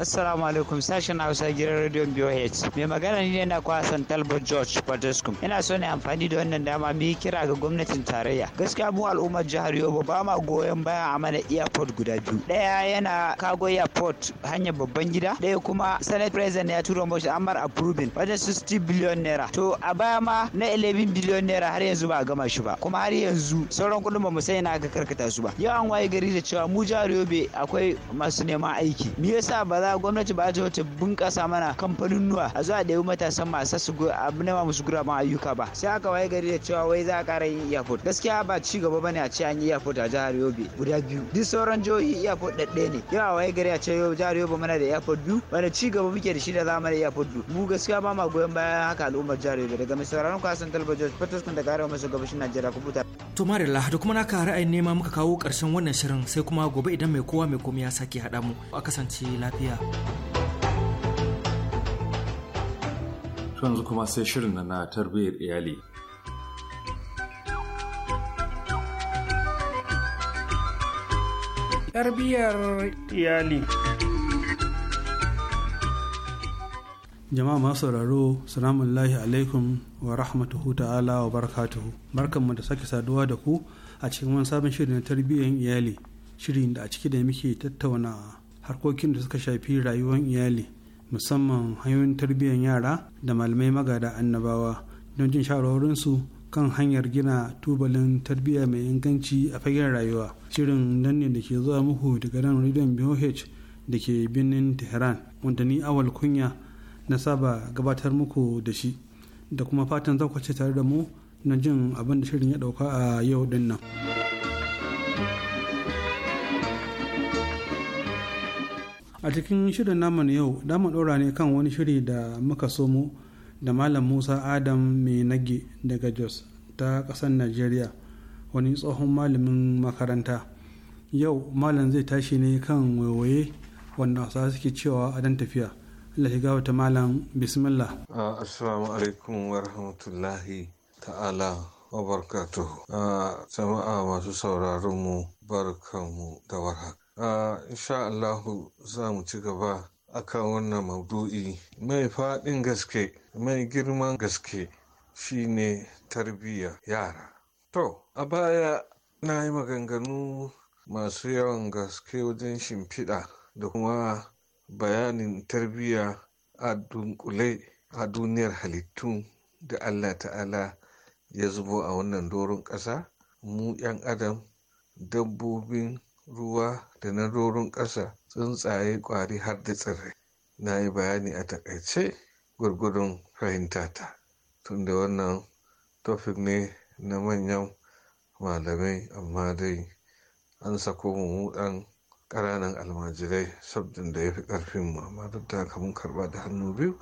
Assalamu alaikum sashen Hausa gidan rediyon BOH. Mai magana ne na kwasan Talbot George Fortescue. Ina so ne amfani da wannan dama mu yi kira ga gwamnatin tarayya. Gaskiya mu al'ummar jihar Yobe ba ma goyon baya a mana airport guda biyu. Ɗaya yana Kago Airport hanyar babban gida, ɗaya kuma Senate President ya tura motion Ammar approving wajen 60 billion naira. To a baya ma na 11 billion naira har yanzu ba a gama shi ba. Kuma har yanzu sauran kuɗin ba mu sai na ga karkata su ba. Yawan waye gari da cewa mu jihar Yobe akwai masu neman aiki. Me yasa ba a gwamnati ba ta ta bunkasa mana kamfanin nuwa a zuwa da yi matasan masu su nema musu ma ayyuka ba sai aka waye gari da cewa wai za a kara yin airport gaskiya ba ci gaba bane a ce an yi airport a jihar yobe guda biyu duk sauran jihohi airport ɗaya ne yawa waye gari a ce jihar yobe mana da airport biyu wanda ci gaba muke da shi da zamu da airport biyu mu gaskiya ba ma goyon bayan haka al'ummar jihar yobe daga mai sauraron kwasan talabijin fataskun daga arewa maso gabashin najeriya kubuta. to marilla da kuma naka ra'ayin nema muka kawo ƙarshen wannan shirin sai kuma gobe idan mai kowa mai komai ya sake haɗa mu a kasance lafiya. duniya. kuma sai shirin na na tarbiyyar iyali. Tarbiyyar iyali. jama'a masu sauraro salamun lahi alaikum wa rahmatuhu ta'ala wa barakatuhu barkanmu da sake saduwa da ku a cikin wani sabon shirin na tarbiyyar iyali shirin da a ciki da muke tattauna harkokin da suka shafi rayuwar iyali musamman hanyoyin tarbiyyar yara da malamai magada annabawa don jin shawarwarinsu kan hanyar gina tubalin tarbiyya mai inganci a fagen rayuwa shirin nan ne da ke zuwa muku daga nan rediyon boh da ke birnin tehran wanda ni awal kunya na saba gabatar muku da shi da kuma fatan zakwace tare da mu na jin abin da shirin ya dauka a yau dinnan. a cikin shirin namu na yau da mu ɗora ne kan wani shiri da muka somo da malam musa adam mai nage daga jos ta ƙasar najeriya wani tsohon malamin makaranta yau malam zai tashi ne kan waiwaye wanda hausa suke cewa a dan tafiya allah ya gawata malam bismillah ah, assalamu alaikum wa rahmatullahi ta'ala wa barakatuhu ah, jama'a masu sauraron mu barkanmu da warhaka Uh, insha za mu ci gaba akan wannan maudu'i mai faɗin gaske mai girman gaske shine tarbiyyar yara. To, a baya na yi maganganu masu yawan gaske wajen shimfiɗa da kuma bayanin tarbiyya a dunkule a duniyar halittu da Allah ta'ala ya zubo a wannan doron ƙasa mu 'yan adam dabbobin ruwa da na roron ƙasa tsuntsaye ƙwari har da tsirrai na yi bayani a takaice gwargwadon fahimtata tunda wannan tofik ne na manyan malamai amma dai an sako mu ɗan ƙananan almajirai sabbin da ya fi ƙarfin mu amma duk da haka mun karɓa da hannu biyu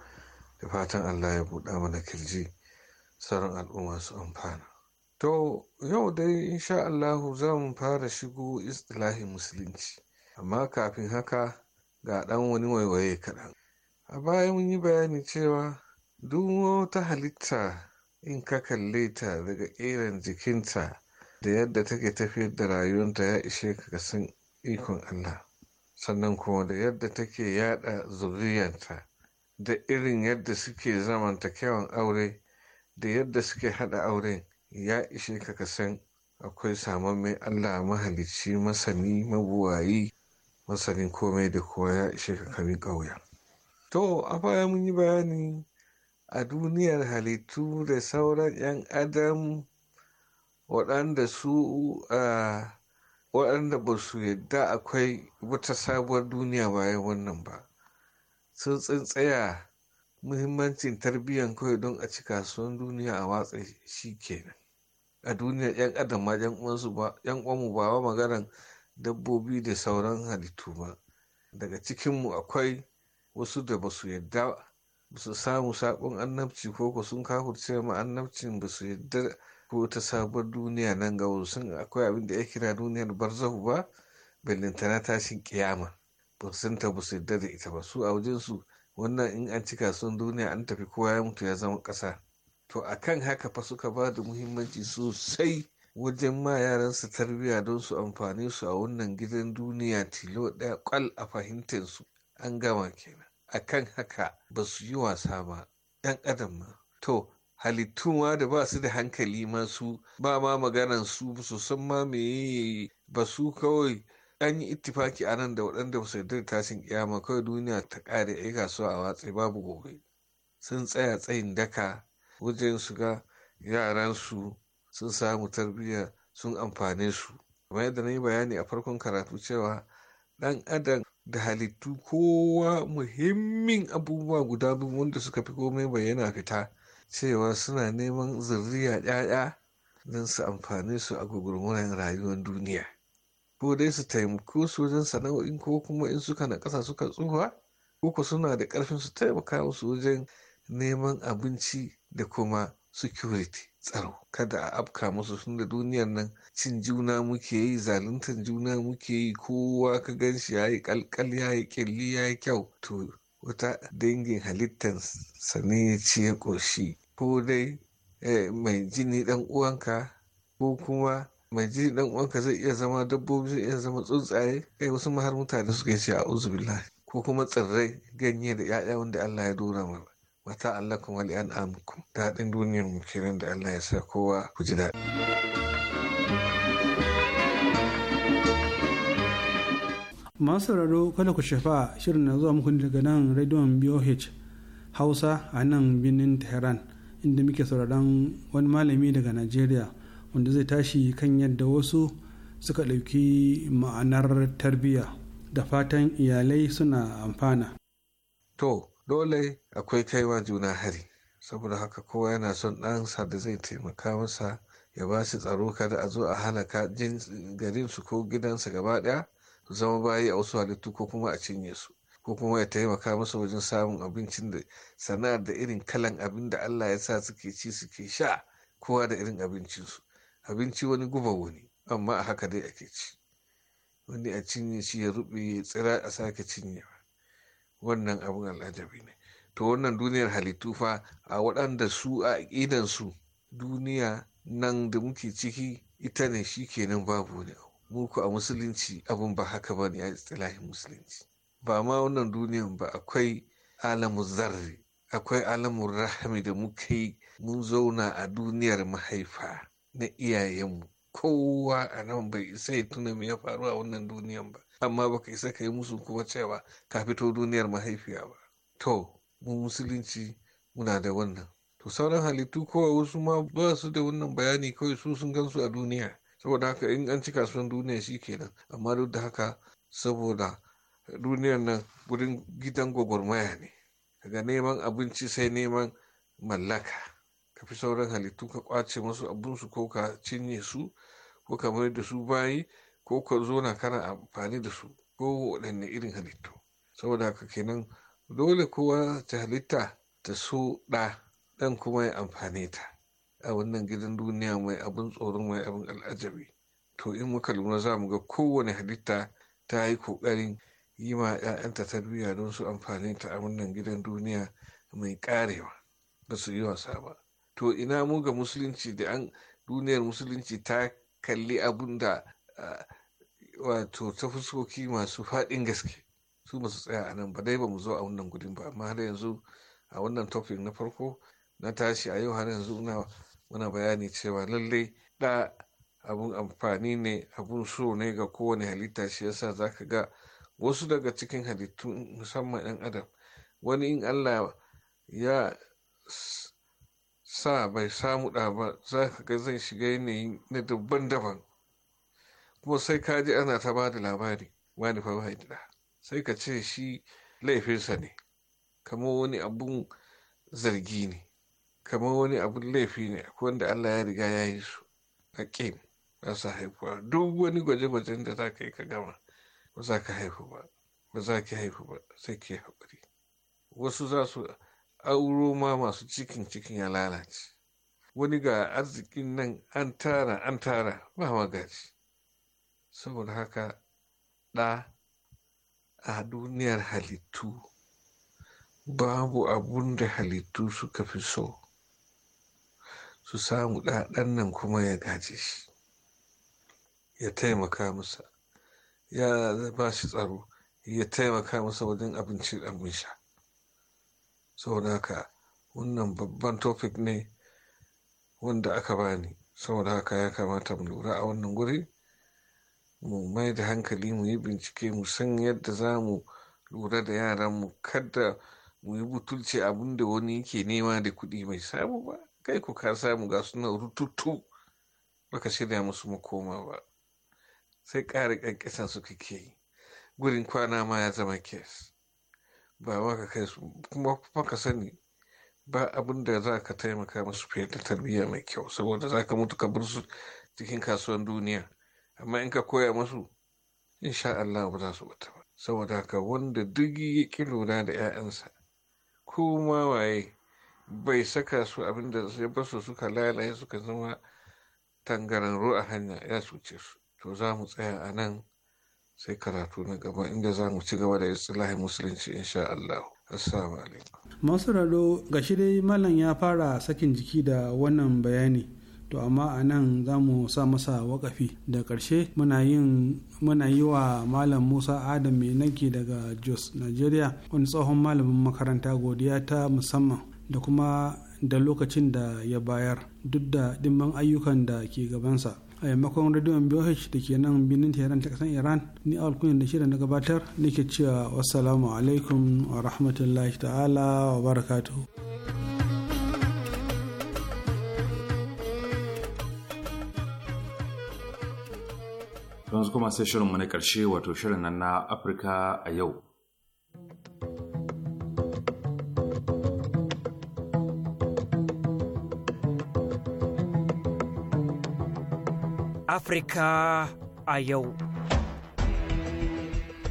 da fatan allah ya buɗa mana kirji sauran al'umma su amfana To, yau dai insha Allahu za mu fara shigo istilahin musulunci, amma kafin haka ga ɗan wani waiwaye kaɗan. A baya mun yi bayani cewa duk wata halitta in ka kalle ta daga ƙeran ta da yadda take tafiyar da rayuwanta ya ishe ka san ikon Allah. Sannan kuma da yadda take yada zuriyanta da irin yadda suke zamanta kyawun aure da yadda suke haɗa auren. ya ishe ka ka san akwai samamme Allah mahalicci masani mabuwayi masanin komai da kowa ya ishe ka kamin ƙauya. To, a baya mun yi bayani a duniyar halittu da sauran 'yan adam waɗanda su waɗanda ba su yadda akwai wata sabuwar duniya bayan wannan ba sun tsintsaya muhimmancin tarbiyyar kawai don a ci kasuwan duniya a watsa shi kenan a duniyar 'yan adam ma 'yan uwanmu ba wa maganan dabbobi da sauran halittu ba daga cikinmu akwai wasu da ba su yadda ba su samu sakon annabci ko ko sun kafurce ma annabcin ba yadda ko ta sabon duniya nan ga wasu akwai abin da ya kira duniyar barzahu ba na tashin kiyama ba sun ta ba su yadda da ita ba su a wajen su wannan in an cika sun duniya an tafi kowa ya mutu ya zama ƙasa to akan haka fa suka ba da muhimmanci sosai wajen ma yaransu tarbiyya don su amfani su a wannan gidan duniya tilo ɗaya kwal a su an gama kenan A kan haka ba su yi wasa ba ɗan adam ma to ma da ba su da hankali ma su ba ma maganan su su san ma me ba su kawai an yi ittifaki a nan da waɗanda ba su yarda da tashin kiyama kawai duniya ta ƙare ai kasuwa a watsi babu gobe sun tsaya tsayin daka wajen shiga yaran yaransu sun samu tarbiyya sun amfane su kamar yadda na yi bayani a farkon karatu cewa ɗan adam da halittu kowa muhimmin abubuwa guda biyu wanda suka fi komai bayyana fita cewa suna neman zurriya ɗaya don su amfane su a gugurmunan rayuwar duniya ko dai su taimako su wajen sana'o'in ko kuma in suka na ƙasa suka tsufa ko suna da ƙarfin su taimaka musu wajen neman abinci da kuma security tsaro kada a afka musu sun da duniyar nan cin juna muke yi zaluntar juna muke yi kowa ka gan shi yayi kalkal ya kyalli ya kyau to wata dangin halittar sa ne ya ce ya ƙoshi ko dai eh, mai jini dan uwanka ko kuma mai jini dan uwanka zai iya zama dabbobi zai iya zama tsuntsaye kai wasu har mutane suka ce a uzubillah ko kuma tsirrai ganye da 'ya'ya wanda Allah ya dora mana wata allakum wali al'amukum daɗin duniyar mu kenan da Allah ya sa kowa ku ji daɗi. masu sauraro kada ku shafa shirin na zuwa muku daga nan rediyon BOH Hausa a nan birnin Tehran inda muke sauraron wani malami daga Najeriya wanda zai tashi kan yadda wasu suka ɗauki ma'anar tarbiyya da fatan iyalai suna amfana. To, dole akwai kaiwa juna hari saboda haka kowa yana son ɗansa da zai taimaka masa ya ba shi tsaro kada a zo a hana halaka garinsu ko gidansa gaba ɗaya su zama bayi a wasu halittu ko kuma a cinye su ko kuma ya taimaka masa wajen samun abincin da sana'ar da irin kalan abin da Allah ya sa suke ci suke sha kowa da irin abincinsu abinci wani guba wani amma a haka dai ake ci wani a cinye shi ya ruɓe ya tsira a sake cinyewa wannan abin al'ajabi ne to wannan duniyar halittu fa a waɗanda su a su, duniya nan da muke ciki ita ne shi kenan babu wani abu muku a musulunci abin ba haka ba ne a istilahin musulunci ba ma wannan duniyan ba akwai alamu zarri akwai alamun rahami da muka yi mun zauna a duniyar mahaifa na iyayenmu kowa a nan bai isa ya tuna me ya faru a wannan duniyan ba amma baka isa ka yi musu kuma cewa ka fito duniyar mahaifiya ba to mu musulunci muna da wannan to sauran halittu kowa wasu ma ba su da wannan bayani kawai su sun gansu a duniya saboda haka in an ci kasuwan duniya shi kenan amma duk da haka saboda duniyar nan wurin gidan gwagwarmaya ne daga neman abinci sai neman mallaka ka fi sauran halittu ka kwace masu abinsu ko ka cinye su ko ka mayar da su bayi ko ka zo na kana amfani da su ko waɗanne irin halittu saboda haka kenan dole kowa ta halitta ta so ɗa ɗan kuma ya amfani ta a wannan gidan duniya mai abin tsoron mai abin al'ajabi to in muka lura za mu ga kowane halitta ta yi ƙoƙarin yi ma 'ya'yanta tarbiyya don su amfani ta a wannan gidan duniya mai ƙarewa ba su yi wasa ba to ina mu ga musulunci da an duniyar musulunci ta kalli abun da wato ta fuskoki masu faɗin gaske su masu tsaya a nan ba dai ba mu zo a wannan gudun ba amma har yanzu a wannan topic na farko na tashi a yau har yanzu na muna bayani cewa lallai da abun amfani ne abun so ne ga kowane halitta shi yasa ka ga wasu daga cikin halittu musamman yan adam wani in allah ya sa bai samu ɗa ba za ka ga zai shiga yanayi na daban-daban kuma sai ka ji ana ta ba da labari wani fa ba da sai ka ce shi laifinsa ne kamar wani abun zargi ne kamar wani abun laifi ne akwai wanda Allah ya riga ya yi su a ƙin ba sa haifuwa duk wani gwaje-gwajen da za ka yi ka gama ba za ka haifu ba ba za ki haifu ba sai ki haƙuri wasu za su auro ma masu cikin cikin ya lalace wani ga arzikin nan an tara an tara ba magaji saboda haka ɗa a duniyar halittu babu abun da halittu suka fi so su samu ɗaɗan nan kuma ya gaje shi ya taimaka masa ya ba shi tsaro ya taimaka masa wajen abinci abin sha saboda haka wannan babban topic ne wanda aka bani saboda haka ya kamata mu lura a wannan guri mu mai da hankali mu yi bincike mu san yadda za mu lura da yaranmu kada mu yi butulci abin da wani yake nema da kuɗi mai samu ba kai ku ka samu ga suna rututu baka shirya musu makoma ba sai ƙara ƙanƙasan su kake yi gurin kwana ma ya zama kes ba ma ka kai su kuma ka sani ba abin da za ka taimaka musu fiye da tarbiyya mai kyau saboda za ka mutu ka bar su cikin kasuwan duniya amma in ka koya musu insha Allah ba za su bata ba saboda haka wanda duk ya ki lura da 'ya'yansa ko waye bai saka su abinda da sai ba su suka lalaye suka zama tangaran a hanya ya cuce su to za mu tsaya a nan sai karatu na gaba inda za mu ci gaba da istilahin musulunci insha Allah assalamu alaikum masu rado ga shi dai malam ya fara sakin jiki da wannan bayani to amma a nan za mu sa masa wakafi da karshe muna yi wa malam musa adam mai nake daga jos nigeria wani tsohon malamin makaranta godiya ta musamman da kuma da lokacin da ya bayar duk da dimban ayyukan da ke gabansa a yammakon rediyon BOH da ke nan birnin Tehran ta kasan Iran ni a alkunin da shirin na gabatar nake cewa wassalamu alaikum wa rahmatullahi ta'ala wa barakatuhu. yanzu kuma sai shirinmu na ƙarshe wato shirin nan na afirka a yau afirka a yau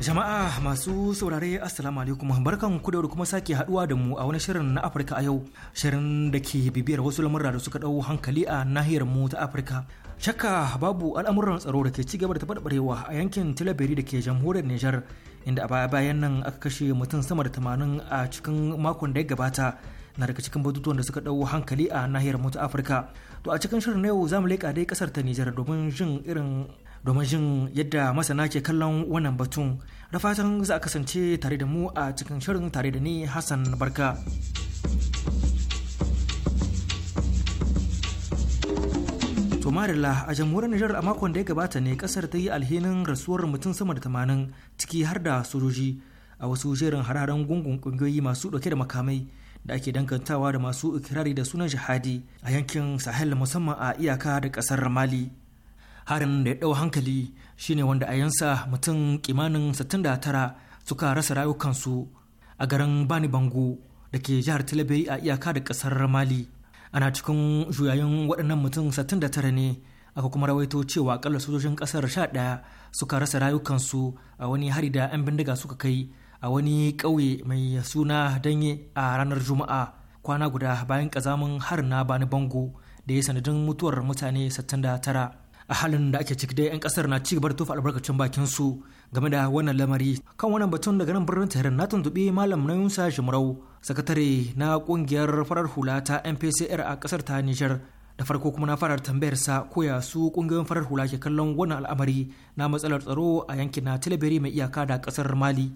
Jama'a masu saurare Assalamu alaikum barkan ku da kuma sake haduwa da mu a wani shirin na Afirka a yau shirin da ke bibiyar wasu lamurra da suka dau hankali a nahiyar mu ta Afirka shakka babu al'amuran tsaro da ke ci gaba da taɓarɓarewa a yankin tilaberi da ke jamhuriyar nijar inda a baya bayan nan aka kashe mutum sama da tamanin a cikin makon da ya gabata na daga cikin batutuwan da suka ɗau hankali a nahiyar mutu afirka to a cikin shirin yau za mu leƙa dai ƙasar ta nijar domin jin irin domin jin yadda masana ke kallon wannan batun da fatan za a kasance tare da mu a cikin shirin tare da ni hassan barka. to marilla a jamhuriyar nijar a makon da ya gabata ne kasar ta yi alhinin rasuwar mutum sama da tamanin ciki har da sojoji a wasu jerin hararen gungun kungiyoyi masu dauke da makamai da ake dangantawa da masu ikirari da sunan jihadi a yankin sahel musamman a iyaka da kasar mali harin da ya dau hankali shine wanda a yansa mutum kimanin 69 suka rasa rayukansu a garin bani bango da ke jihar talabai a iyaka da kasar mali ana cikin juyayin waɗannan mutum 69 ne aka kuma rawaito cewa akalla sojojin ƙasar 11 suka rasa rayukansu a wani hari da 'yan bindiga suka kai a wani ƙauye mai suna danye a ranar juma'a kwana guda bayan ƙazamin har na bani bango da ya sanadin mutuwar mutane 69 a halin da ake ciki dai 'yan ƙasar na cigaba gaba da tofa albarkacin bakin su game da wannan lamari kan wannan batun daga nan birnin tehran na tuntuɓi malam na yunsa sakatare na kungiyar farar hula ta mpcr a ƙasar ta nijar da farko kuma na farar tambayar sa koya su kungiyoyin farar hula ke kallon wannan al'amari na matsalar tsaro a yankin na mai iyaka da kasar mali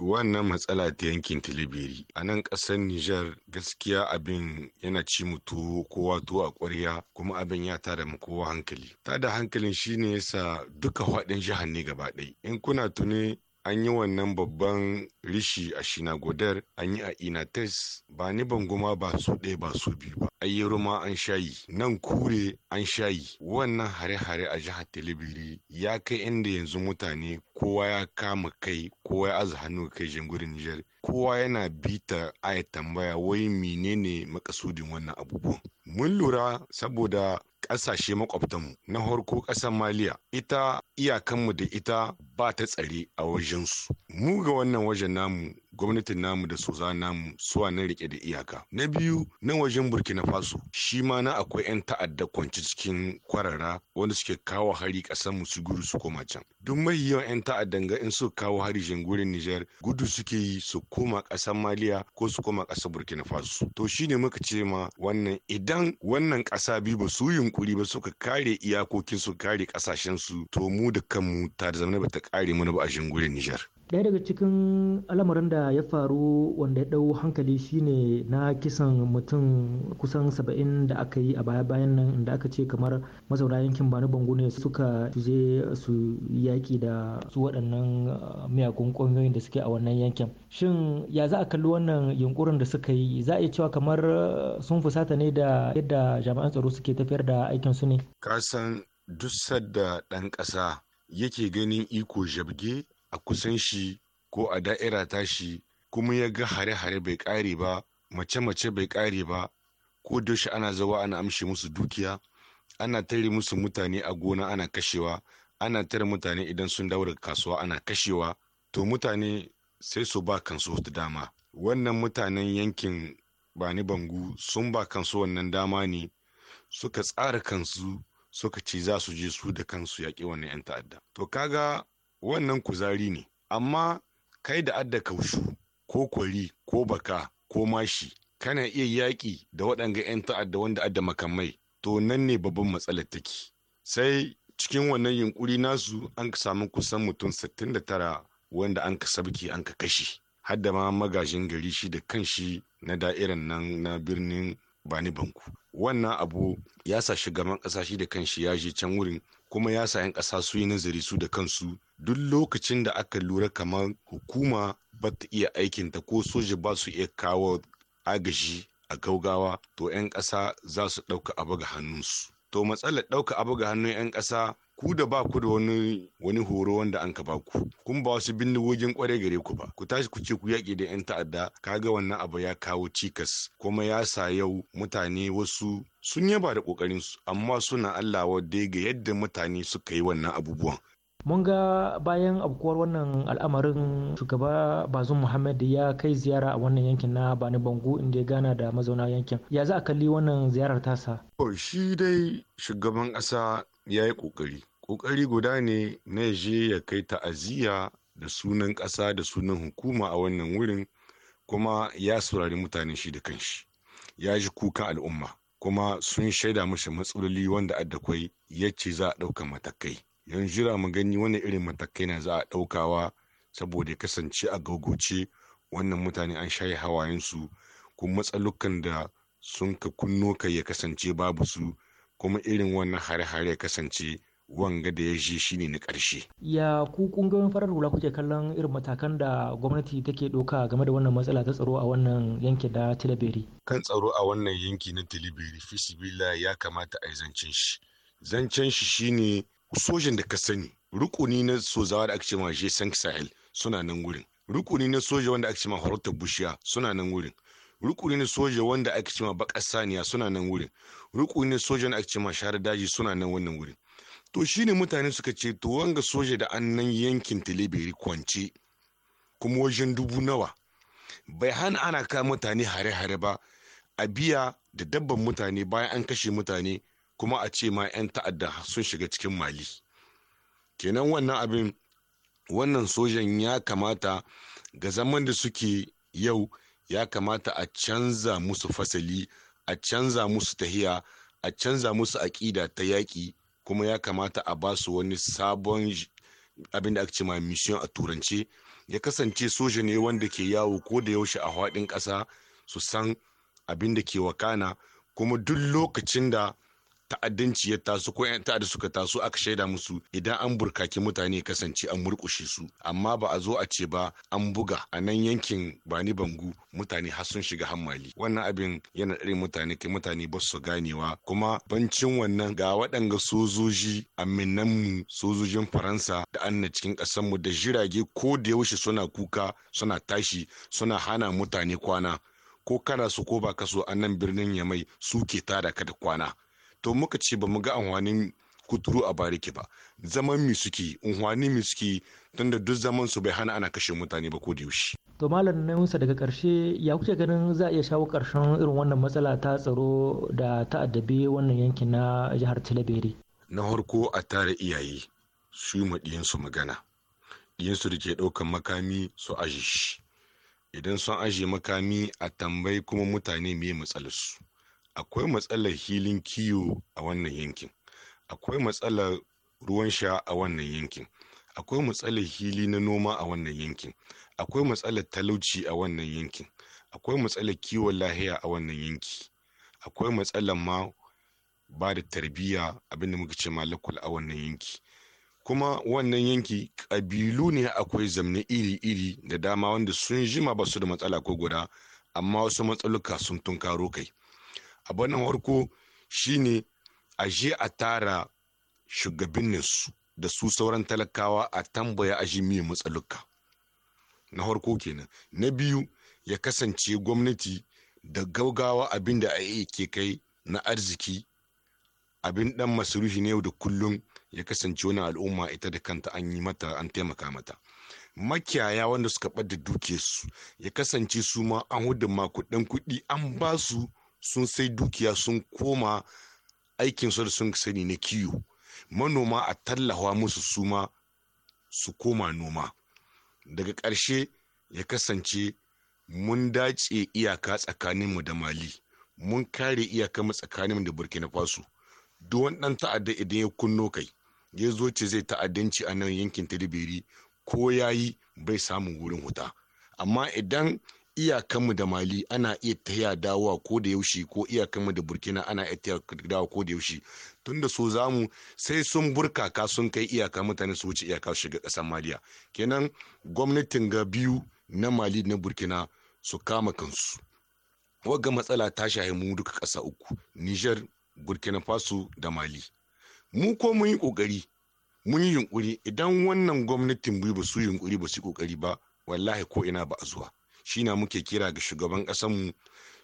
wannan matsala ta yankin tilibiri a nan ƙasar Nijar, gaskiya abin yana ci mutu kowa to a ƙwarya kuma abin ya tada mu kowa hankali tada hankalin shine yasa duka faɗin jihar ne gaba ɗaya in kuna tuni an yi wannan babban rishi a shinagodar an yi a inates ba ni banguma ba su ɗaya ba su biyu ba ayyero ma an shayi nan kure an shayi wannan hare-hare a jihar talibiri ya kai inda yanzu mutane kowa ya kama kai kowa ya aza hannu kai jangurin nijar kowa yana bita ya tambaya wai menene makasudin wannan abubuwan mun lura saboda ƙasashe makwabtanmu na harko ƙasar maliya ita iyakanmu da ita ba ta tsare a wajensu mu ga wannan wajen namu gwamnatin namu da soza namu suwa na rike da iyaka na biyu na wajen burkina faso shi ma na akwai 'yan ta'adda kwanci cikin kwarara wanda suke kawo hari ƙasar mu su gudu su koma can duk mai yawan 'yan ta'adda ga in su kawo hari gurin nijar gudu suke yi su koma ƙasar maliya ko su koma ƙasar burkina faso to shine muka ce ma wannan idan wannan ƙasa biyu ba su yi yunkuri ba suka kare iyakokin su kare kasashen su to mu da kanmu ta da ba bata kare mana ba a shingurin Nijar. daya daga cikin al'amarin da ya faru wanda ya dau hankali shine na kisan mutum kusan saba'in da aka yi a baya-bayan nan inda aka ce kamar mazauna yankin bani bango ne suka je su yaƙi da su waɗannan ah, miyagun ƙungiyoyin da suke a wannan yankin shin ya za a kalli wannan yunkurin da suka yi za a iya cewa kamar ah, sun fusata ne da yadda jami'an tsaro suke tafiyar da aikin su ne kasan duk sadda ɗan ƙasa yake ganin iko jabge a kusan shi ko a da'ira shi kuma ya ga hare-hare bai ƙare ba mace-mace bai ƙare ba ko da ana zawa ana amshe musu dukiya ana tare musu mutane a gona ana kashewa ana tare mutane idan sun dawo daga kasuwa ana kashewa to mutane sai su ba kansu wata dama wannan mutanen yankin bani bangu sun ba kansu wannan dama ne suka tsara kansu suka ce za su je su da kansu yaƙi wannan 'yan ta'adda to kaga wannan kuzari ne amma kai da adda kaushu ko kwari ko baka ko mashi kana iya yaƙi da waɗanga 'yan ta'adda wanda adda makamai to nan ne babban matsalar take sai cikin wannan yunƙuri nasu an samu kusan mutum 69 wanda an ka sabki an ka kashe hadda ma magajin gari shi da kanshi na da'irar nan na birnin bani banku wannan abu ya sa shugaban ƙasa shi da kanshi ya je can wurin kuma ya 'yan ƙasa su yi nazari su da kansu duk lokacin da aka lura kamar hukuma ba ta iya aikinta ko soja ba su iya kawo agaji a gaugawa to 'yan ƙasa za su ɗauka abu ga hannunsu. To matsalar ɗauka abu ga hannun 'yan ƙasa ku da ba ku da wani wani horo wanda an ka ba ku kun ba wasu bindigogin kwarai gare ku ba ku tashi ku ce ku yaƙi da yan ta'adda ka ga wannan abu ya kawo cikas kuma ya sa yau mutane wasu sun yaba da kokarin su amma suna Allah wadda ga yadda mutane suka yi wannan abubuwan mun ga bayan abkuwar wannan al'amarin shugaba bazum muhammad ya kai ziyara a wannan yankin na bani bango inda ya gana da mazauna yankin ya za a kalli wannan ziyarar tasa shi dai shugaban ƙasa ya yi ƙoƙari ƙoƙari guda ne na je ya kai ta'aziyya da sunan ƙasa da sunan hukuma a wannan wurin kuma ya saurari mutane shi da kanshi ya ji kukan al'umma kuma sun shaida mashi matsaloli wanda addakwai ya ce za a ɗauka matakai yanzu jira mu gani wani irin matakai na za a ɗaukawa saboda ya kasance a gaugoce wannan mutane an shaye hawayensu kuma matsalukan da sun ka kunno kai ya kasance babu su kuma irin wannan hare-hare ya kasance wanga da ya shi shine na ƙarshe. Ya ku ƙungiyoyin farar hula kuke kallon irin matakan da gwamnati take ɗauka game da wannan matsala ta tsaro a wannan yanki da Tilaberi. Kan tsaro a wannan yanki na Tilaberi fisibila ya kamata a yi zancen shi. Zancen shi shine sojan da ka sani rukuni na sozawa da aka ce ma Jesan Sahel suna nan wurin. Rukuni na soja wanda aka ce ma Horta Bushiya suna nan wurin. rukuni na soja wanda aka ce ma bakar saniya suna nan wurin rukuni na soja wanda aka ce ma shahar daji suna nan wannan wurin to shine mutane suka ce to wanga soja da annan yankin tilibiri kwance kuma wajen dubu nawa bai hana ana kawo mutane hare-hare ba a biya da dabban mutane bayan an kashe mutane kuma a ce ma 'yan ta'adda sun shiga cikin mali kenan wannan abin wannan sojan ya kamata ga zaman da suke yau ya kamata a canza musu fasali a canza musu tahiya a canza musu aƙida ta yaƙi kuma ya kamata a ba su wani sabon abin da ake ce mission a turance ya kasance soja ne wanda ke yawo ko da yaushe a haɗin ƙasa su san abin da ke wakana kuma duk lokacin da ta'addanci ya taso ko 'yan ta'adda suka taso aka shaida musu idan an burkaki mutane kasance an murkushe su amma ba a zo a ce ba an buga a nan yankin bani bangu mutane har sun shiga hammali wannan abin yana ɗari mutane kai mutane ba su ganewa kuma bancin wannan ga waɗanga sojoji aminan mu sojojin faransa da anna cikin ƙasar mu da jirage ko da yaushe suna kuka suna tashi suna hana mutane kwana ko kana su ko ba ka so a nan birnin yamai suke tada ka da kwana to muka ce ba mu ga anwanin kuturu a bariki ba zaman mi suke unhwani mi suke tunda duk zaman su bai hana ana kashe mutane ba ko da yaushe to malam yunsa daga karshe ya kuke ganin za a iya shawo karshen irin wannan matsala ta tsaro da ta addabi wannan yankin na jihar Talabere na harko a tare iyaye su yi maɗiyansu magana ɗiyansu da ke ɗaukan makami su aji shi idan sun aje makami a tambayi kuma mutane me matsalarsu akwai matsalar hilin kiwo a wannan yankin akwai matsalar ruwan sha a wannan yankin akwai matsalar hili na noma a wannan yankin akwai matsalar talauci a wannan yankin akwai matsalar kiwon lahiya a wannan yanki akwai matsalar ma ba da tarbiyya abinda muka ce malakul a wannan yanki kuma wannan yanki ƙabilu ne akwai zamne iri-iri da dama wanda sun jima ba su da matsala ko guda amma wasu matsaluka sun tunkaro kai abu na farko shine a je a tara su da su sauran talakawa a tambaya a ji miye matsaluka na farko kenan na biyu ya kasance gwamnati da gaugawa abin da a ke kai na arziki abin dan masarufi na yau da kullum ya kasance wani al'umma ita da kanta an yi mata an taimaka mata makiyaya wanda suka ɓadda duke su ya kasance su ma an hudun makudin kuɗi an ba su sun sai dukiya sun koma aikinsu da sun sani na kiwo manoma a tallafa musu suma su koma noma daga karshe ya kasance mun dace iyaka tsakaninmu da mali mun kare iyaka mu tsakaninmu da burkina faso duk wani ɗan ta'adda idan ya kunno kai ya zo ce zai ta'addanci a nan yankin tilibiri ko yayi bai samun wurin huta amma idan iyakanmu da mali ana iya taya dawowa ko da yaushe ko iyakanmu da burkina ana iya tahiya dawowa ko da yaushe tun da so zamu sai sun burkaka sun kai iyaka mutane su wuce iyaka shiga ƙasar maliya kenan gwamnatin ga biyu na mali na burkina su kama kansu wagga matsala ta shahi mu duka kasa uku niger burkina faso da mali mu ko mun yi ƙoƙari mun yi yunƙuri idan wannan gwamnatin biyu ba su yunƙuri ba su ƙoƙari ba wallahi ko ina ba a zuwa shina muke kira ga shugaban ƙasanmu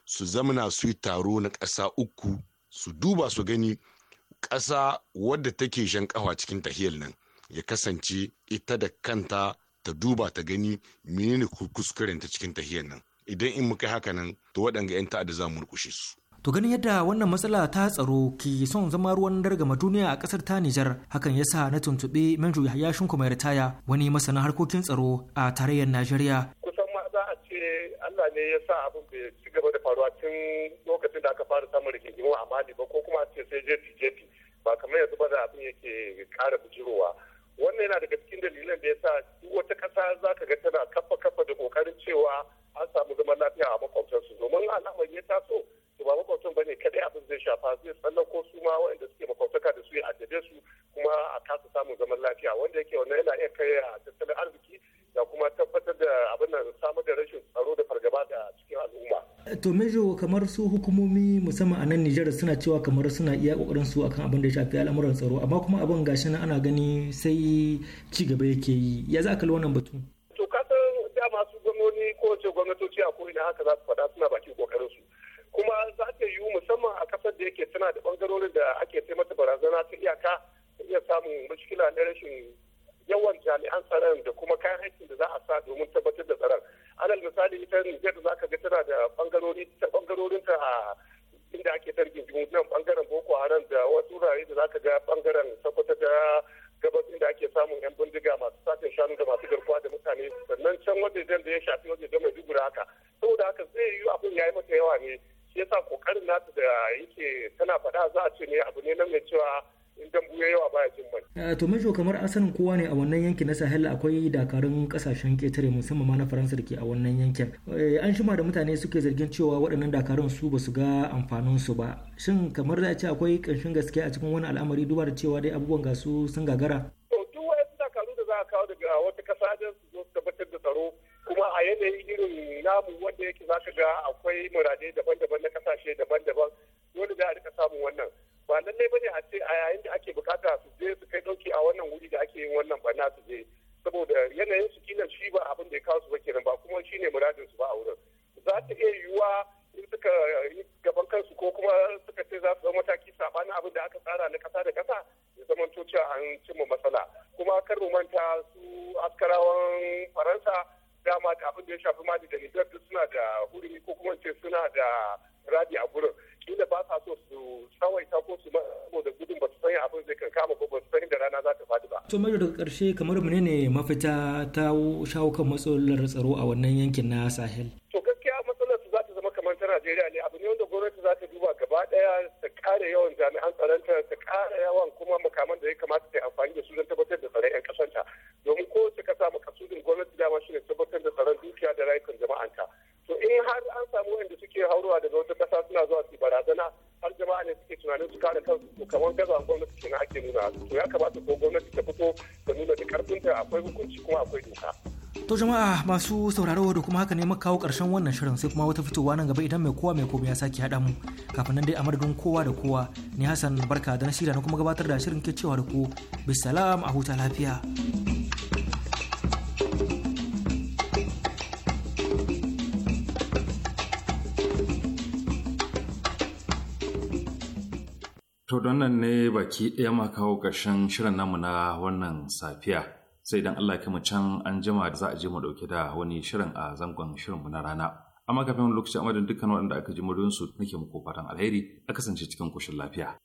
su zamana su yi taro na kasa uku su duba su gani ƙasa wadda take shan kawa cikin tahiyar nan ya kasance ita da kanta ta duba ta gani menene kuskuren ta cikin tahiyar nan idan in muka haka nan to waɗanga 'yan ta'adda za mu rukushe su To ganin yadda wannan matsala ta tsaro ke son zama ruwan dargama duniya a kasar ta Nijar hakan ya sa na tuntuɓe Manju Yahaya Shinku mai ritaya wani masanin harkokin tsaro a tarayyar Najeriya. ce Allah ne ya sa abin bai ci gaba da faruwa tun lokacin da aka fara samun rigingimu a Mali ba ko kuma ce sai jefi jefi ba kamar yanzu ba da abin yake kara bujirowa wannan yana daga cikin dalilan da ya sa wata kasa za ka ga tana kafa kafa da kokarin cewa an samu zaman lafiya a makwabtansu domin alamar ya taso to ba makwabtan ba ne kadai abin zai shafa zai ko su ma waɗanda suke makwabtaka da su ya addabe su kuma a kasa samun zaman lafiya wanda yake wannan yana iya kai a tattalin arziki da kuma tabbatar da abin da samar da rashin tsaro da fargaba da cikin al'umma. To Mejo kamar su hukumomi musamman a nan Nijar suna cewa kamar suna iya kokarin su akan abin da ya shafi al'amuran tsaro amma kuma abin gashi nan ana gani sai ci gaba yake yi ya za ka wannan batu. To ka san dama su gwamnoni ko wace gwamnatoci a ko'ina haka za su faɗa suna bakin kokarin su. Kuma za ta yiwu musamman a kasar da yake tana da bangarorin da ake sai mata barazana ta iyaka ta iya samun mashkila na rashin yawan jami'an tsaron da kuma to majo kamar sanin kowa ne a wannan yankin na sahel akwai dakarun kasashen ketare musamman ma na faransa da ke a wannan yankin eh, an shima da mutane suke zargin cewa waɗannan dakarun su ba su ga amfanin su ba shin kamar da a ce akwai ƙanshin gaske a cikin wani al'amari duba da cewa dai abubuwan su sun gagara ƙarshe kamar ne mafita ta shawo kan matsalar tsaro a wannan yankin na sahel To jama'a masu sauraro da kuma haka ne muka kawo ƙarshen wannan shirin sai kuma wata fitowa nan gaba idan mai kowa mai komai ya sake haɗa mu kafin nan dai a madadin kowa da kowa ni Hassan barka da na shirya na kuma gabatar da shirin ke cewa da ku bisalam a huta lafiya. To don nan ne baki ɗaya ma kawo ƙarshen shirin namu na wannan safiya. sai idan Allah ya can an jima za a je mu dauke da wani shirin a zangon shirin mu na rana. Amma kafin lokaci amadin dukkan waɗanda aka ji muryinsu nake muku fatan alheri a kasance cikin koshin lafiya.